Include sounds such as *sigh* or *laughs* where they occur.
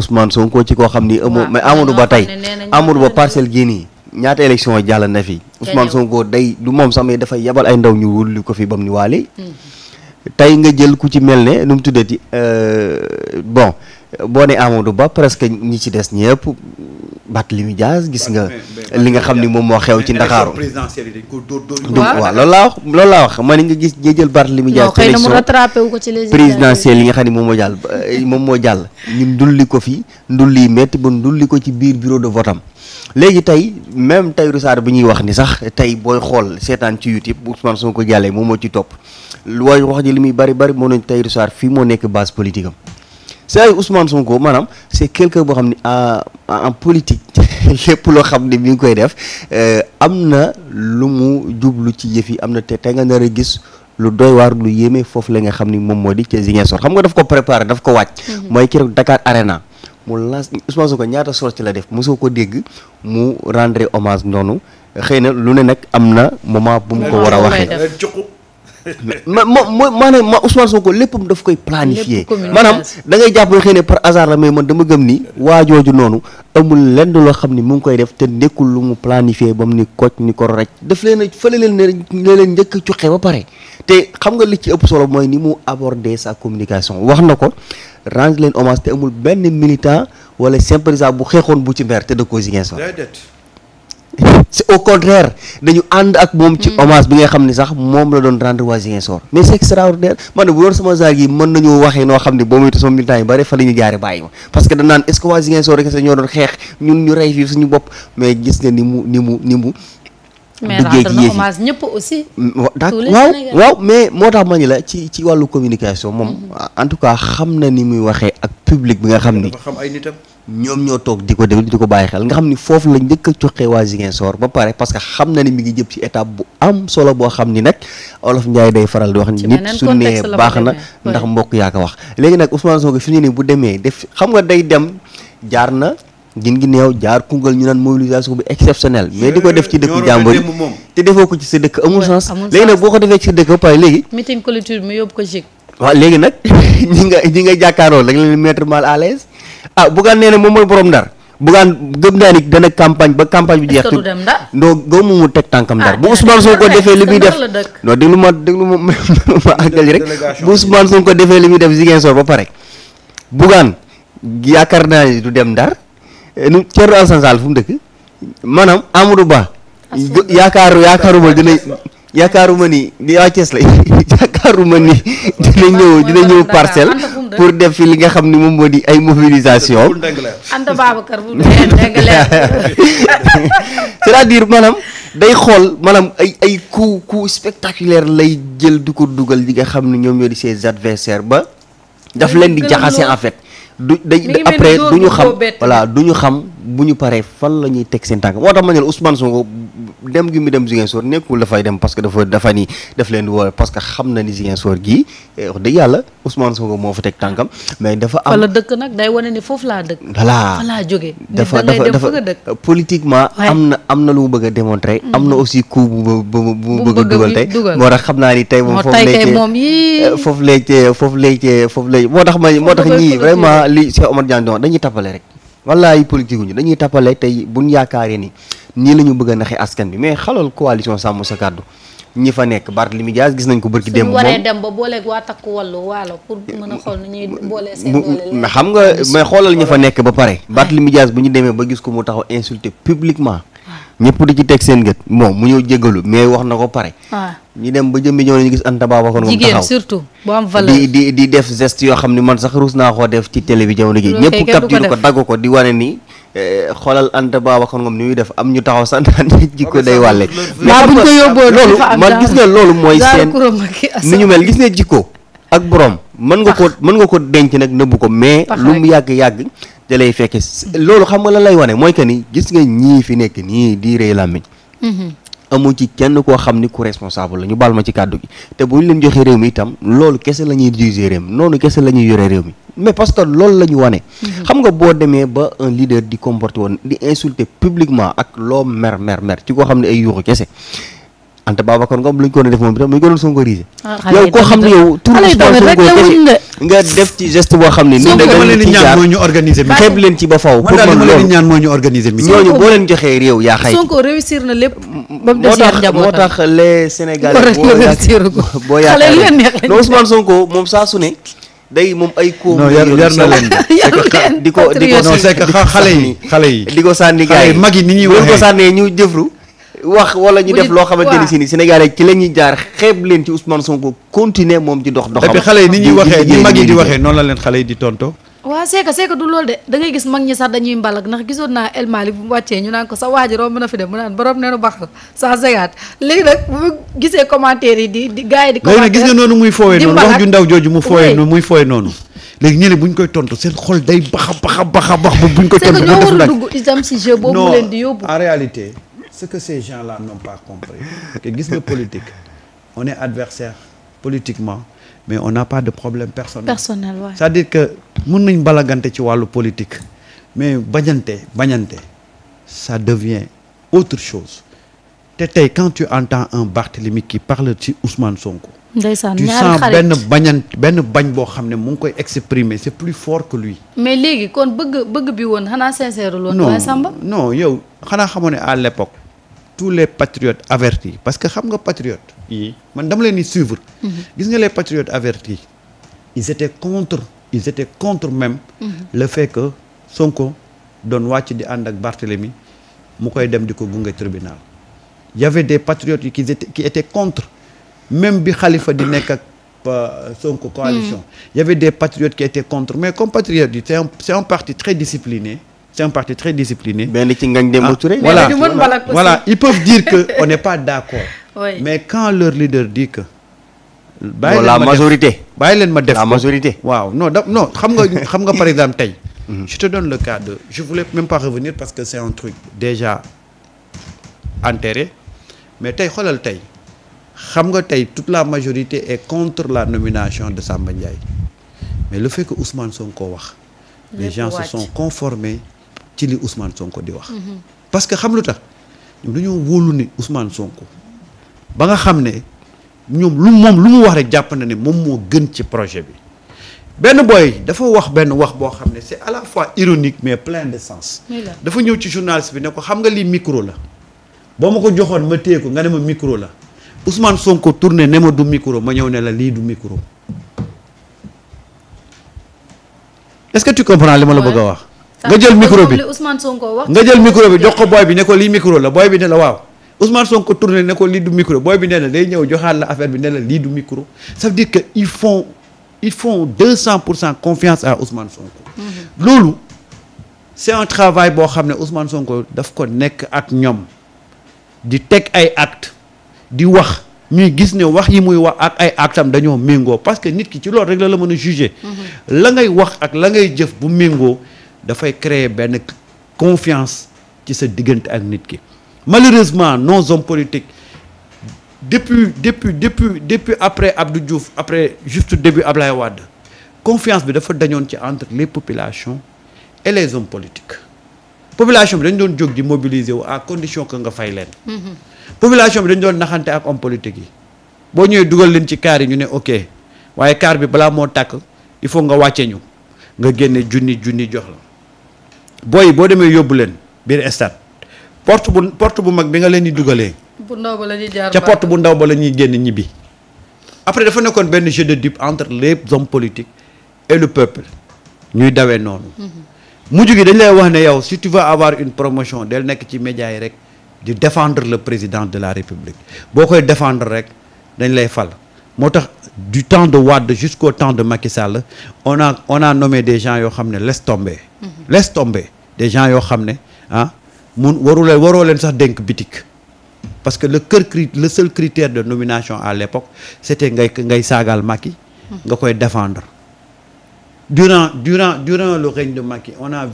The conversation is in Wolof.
Ousmane Sonko ci koo xam ni amoo mais Amadou Ba tey Amadou Ba parcelle gii nii ñaata élection jàll na fi Ousmane Sonko day du moom sax mais dafay yabal ay ndaw ñu wulli ko fi bam ni waale hmm. tey nga jël ku ci mel ne nu mu tuddati euh, bon boo ne Amadou Ba presque ñi ci des ñëpp Barthélémy Dias gis nga li nga xam ni moom moo xew ci Ndakaaru waaw loolu laa wax loolu laa wax man ne nga gis ñi jël Barthélémy Dias ci élection présidentielle yi nga xam ni moom moo jàll eh, moom moo jàll ñu ndulli ko fi ndulli métti ba ndulli ko ci biir bureau de vote am léegi tey même Tahirou Sarr bi ñuy wax ni sax tey booy xool seetaan ci YouTube bu Ousmane ko jàllee moom moo ci topp looy wax ji li muy bari bari moo nañ Tahirou Sarr fi moo nekk base politique am sa ay Ousmane Sonko maanaam c'est quelqu'un boo xam ni ah, en politique *laughs* lépp loo xam ne mi ngi koy def euh, am na lu mu jublu ci yëf yi am na te te nga nar a gis lu doy waar lu yéeme foofu la nga xam ni moom moo di ca Ziguinchor xam nga daf ko préparé daf ko wàcc. Mhm. mooy keroog Dakar Arena. mu lance Ousmane ko ñaata ci la def mosoo ko dégg mu rendre hommage noonu xëy na lu ne nag am na moment bu mu ko war a waxee. ma ma maanaam ma Ousmane ko léppam daf koy planifier maanaam da ngay jàpp xëy ne par hasard la mais man dama gëm ni waa jooju noonu amul lenn loo xam ni mu ngi koy def te nekkul lu mu planifier ba mu ni koc ni ko rek daf leen a fële leen ne leen njëkk a cuqe ba pare te xam nga li ci ëpp solo mooy ni mu aborder sa communication wax na ko range leen hommage te amul benn militant wala sympathisant bu xeexoon bu ci mer te da ko Ziguinchor c'est au contraire dañu ànd ak moom ci mm. hommage bi nga xam ne sax moom la doon rendre waa Ziguinchor mais c'est extraordinaire man ne bu doon sama zaar yi mën nañoo waxee noo xam ne boo moytu sama militants yi bari fa la ñu jaare bàyyi ma parce que danaan est ñu rey fii suñu bopp mais gis nga ni mu ni mu ni mu duggee ci yéen ñëpp aussi. Mm, waaw waaw mais moo tax ma ni la ci ci wàllu communication moom mm-hmm. en tout cas xam na ni muy waxee ak public bi nga xam ni. dafa xam ay nitam. ñoom ñoo toog di ko déglu di ko bàyyi xel nga xam ni foofu la njëkk a joxe waa Ziguinchor ba pare parce que xam na ni mi ngi jëm ci étape bu am solo boo xam ni nag Olof Ndiaye day faral di wax ni nit su nee baax na ndax mbokk yaa ko wax léegi nag Ousmane Sonko fi ñu ne bu demee def xam nga day dem jaar na gin gi neew jaar Koungheul ñu naan mobilisation bu exceptionnelle mais di ko def ci dëkk jàmbur yi te defoo ko ci sa dëkk amul sens léegi nag boo ko defee ci sa dëkk ba pare léegi meeting ko jig waaw léegi nag *laughs* ñi nga jàkkaaroo da nga leen mettre mal ah Bougane nee na moom mooy borom ndar Bougane gëm naa ni dana campagne ba campagne bi jeex tu ndoo gëmu mu teg tànkam ndar ah, bu Ousmane Sonko defee li muy def non déglu ma déglu ma *laughs* ma àggali rek bu Ousmane Sonko defee li muy def Ziguinchor ba pare Bougane yaakaar naa ni du dem dar eh, nu Thierno Alassane Sall fu mu dëkk maanaam Amadou Ba yaakaaru yaakaaruma dina yaakaaruma ni li waa Thiès la *laughs* yaakaaruma ni *laughs* dina ñëw dina ñëw parcelle pour def fi li nga xam ni moom moo di ay mobilisation Anta Babacar *laughs* c'est-à-dire maanaam day xool maanaam ay ay coup coup spectaculaire lay jël di ko dugal li nga xam ni ñoom ñoo di ses adversaires ba daf leen di jaxase en fait du day après du ñu xam voilà du ñu xam bu ñu paree fan la ñuy teg seen tànk moo tax ma ne la Ousmane Sonko dem gi mu dem Ziguinchor nekkul dafay dem parce que dafa dafa ni daf leen di woo parce que xam na ni Ziguinchor gii eh, wax dëgg yàlla Ousmane Sonko moo fa teg tànkam mais dafa am fa dëkk nag day wane ni foofu laa dëkk. voilà laa jógee. dafa dafa dafa politiquement. am na am na lu mu bëgg a démontrer. Mm-hmm. am na aussi coup bu bu bu bëgg a dugal tey. moo tax xam naa ni tey moom. foofu lay eh, foofu lay foofu lay tey foofu lay moo tax ma moo tax ñii vraiment li Cheikh Omar Diagne dañuy tappale rek wallaay politique ñu dañuy tappale tey buñ yaakaaree ni nii la ñu bëgg a naxe askan bi mais xalal coalition sàmm sa kàddu ñi fa nekk Barthélémy Dias gis nañ ko bërki démb moom dem ba booleeg waa takku wallu waalo pour mën a xool nu ñuy boolee seen xam nga mais xoolal ñi fa nekk ba pare Barthélémy Dias bu ñu demee ba gis ko mu taxaw insulté publiquement ñëpp di ci teg seen gët moom mu ñëw jégalu mais wax na ko pare. Ah. ñu dem ba jëmbi ñëw nañu gis Anta Babacar. moom taxaw jigéen surtout bu am valeur. di di di def geste yoo xam ne man sax ruus naa koo def ci télé bi jamono ji ñëpp capture ko dagg ko di wane ni. Eh, xoolal Anta Babacar moom ni muy def am ñu taxaw sant ji *laughs* ko day wàlle. maa buñ ko yóbboo loolu man gis nga loolu mooy. seen ni ñu mel gis nga jikko ak boroom mën nga ko mën nga ko denc nag nëbbu ko mais lu mu yàgg yàgg te lay fekke loolu xam nga la lay wane mooy que ni gis nga ñii fi nekk nii di rëy làmmiñ mm-hmm. amu ci kenn koo xam ni ku responsable la ñu baal ma ci kàddu gi te bu ñu leen joxee réew mi itam loolu kese la ñuy jugé réew mi noonu kese la ñuy yore réew mi mais parce que loolu la ñu wane. Mm-hmm. xam nga boo demee ba un leader di comporter woon di insulter publiquement ak loo mer mer mer ci koo xam ne ay yuuxu kese. Anta Babacar Ngom lu ñu ko doon def moom itam mu ngi doon sonkorisé. Ah, yow koo xam ne yow. xale yi tamit rek boo xam ne. nii da nga leen ci jaar leen ci ba faw. pour man loolu ñaan mooy ñu organiser mi. ñooñu boo leen joxee réew yaa xay. Sonko réussir na lépp. ba mu des yar njabootam moo tax moo tax les boo yaakaar *laughs* boo yaakaar Sonko moom saa su ne. day moom ay ko non yar na *laughs* leen di ko di ko non c'est que xale yi xale yi di ko sànni gars yi mag yi ni ñuy waxee ko sànnee ñu jëfru wax wala ñu def loo xamante ni si ni Sénégalais ci la ñuy jaar xeeb leen ci Ousmane Sonko continuer moom ci dox doxam. depuis xale yi ni ñuy waxee ni mag yi di waxee noonu la leen xale yi di tonto waaw c'est que c'est que du loolu de da ngay gis mag ñi sax dañuy mbalak ndax gisoon naa El Mali bu wàccee ñu naan ko sa waaji romb na fi dem mu naan borom neenu baxal cent cinquante léegi nag bu gisee commentaire yi di di gars yi di léegi nag gis nga noonu muy foowee noonu wax ju ndaw jooju mu foowee noonu muy foowee noonu léegi ñële buñ koy tontu seen xol day baxa baxa baxa bax bu buñ koy tontu c'est que ñoo war a dugg itam si jeu boobu leen di yóbbu en réalité ce que ces gens-là n'ont pas gis nga politique on est adversaire politiquement mais on n'a pas de problème personnel personnel ouais. cest dire que mën nañ balagante ci wàllu politique mais bañante bañante ça devient autre chose te tey quand tu entends un Barthélemy qui parle ci Ousmane Sonko ndeysaan ñaari benn bañ boo xam ne mu ngi koy exprimer c'est plus fort que lui. mais léegi kon bëgg bëgg bi woon xanaa sincère loon. non Samba non yow xanaa xamoon ne à l'époque tous les patriotes avertis parce que xam nga patriote yi man dama leen di suivre mhm. gis nga les patriotes avertis ils étaient contre ils étaient contre même mhm. le fait que Sonko doon wàcc di ànd ak Barthélemy mu koy dem di ko gunge tribunal y avait des patriotes yi qui étaient qui contre même bi Khalifa di nekk ak euh, Sonko coalition mhm. y avait des patriotes qui étaient contre mais comme patriote yi c'est un c'est très discipliné c'est un parti très discipliné. benn ci ngañ ah, Demba Touré. voilà voilà ils peuvent dire que *laughs* on n'est pas d'accord. mais quand leur leader dit que. bàyyi leen ma def la majorité. bàyyi leen ma def majorité. waaw non da non xam nga *laughs* xam nga par exemple tey. Mhm. je te donne le cas de je voulais même pas revenir parce que c'est un truc déjà enterré mais tey xoolal tey xam nga tey toute la majorité est contre la nomination de Samba Ndiaye mais le fait que Ousmane Sonko wax. les gens se sont conformés. ci li Ousmane Sonko di wax. Mhm. parce que xam lu tax ñoom dañoo wóolu ne Ousmane Sonko ba nga xam ne ñoom lu moom lu mu wax rek jàpp na ne moom moo gën ci projet bi benn booy dafa wax benn wax boo xam ne c'est à la fois ironique mais plein de sens. dafa ñëw ci journaliste bi ne ko xam nga lii micro la. boo ma ko joxoon ma téye ko nga ne ma micro la Ousmane Sonko tourné ne ma du micro ma ñëw ne la lii du micro. est-ce que tu comprends li ma la bëgg a wax. nga jël micro bi Ousmane Sonko nga jël micro bi jox ko booy bi ne ko lii micro la booy bi ne la waaw Ousmane Sonko tourné ne ko lii du micro booy bi ne la day ñëw joxaat la affaire bi ne la lii du micro ça veut dire que il faut ils font deux cent pour cent confiance à Ousmane Sonko. Mhm. loolu c'est un travail boo xam ne Ousmane Sonko daf ko nekk ak ñoom di teg ay actes di wax. ñuy gis ne wax yi muy wax ak ay actam dañoo méngoo parce que nit ki ci loolu rek la la mën a juger mhm. la ngay wax ak la ngay jëf bu méngoo dafay créer benn confiance ci sa diggante ak nit ki malheureusement non hommes politique depuis depuis depuis depuis après Abdou Diouf après juste début Ablaye Wade confiance bi dafa dañoon ci entre les populations et les hommes politiques population bi dañ doon jóg di mobiliser wu à condition que nga fay leen mhm. population bi dañ doon naxante ak homme politique yi boo ñëwee dugal leen ci kaar yi ñu ne ok waaye kaar bi balaa moo takk il faut nga wàcce ñu nga génne junni junni jox la booy boo demee yóbbu leen biir stade porte bu porte bu mag bi nga leen di dugalee. bu ndaw ba la ñuy jaar ca porte bu ndaw ba la ñuy génn ñibbi. après dafa nekkoon benn jeu de dip entre les hommes politiques et le peuple ñuy dawee noonu. Mm-hmm. mujj gi dañ lay wax ne yow si tu veux avoir une promotion del nekk ci média yi rek di défendre le président de la république boo koy défendre rek dañ lay fal moo tax du temps de Wade jusqu'au temps de Macky Sall on a on nommé des gens yoo xam ne laisse tomber. Mm-hmm. laisse tomber des gens yoo xam ne ah mun waru waroo leen sax dénk bitik parce que le cœur le seul critère de nomination à l'époque c'était ngay ngay saagaal Macky hmm. nga koy défendre durant durant le règne de Macky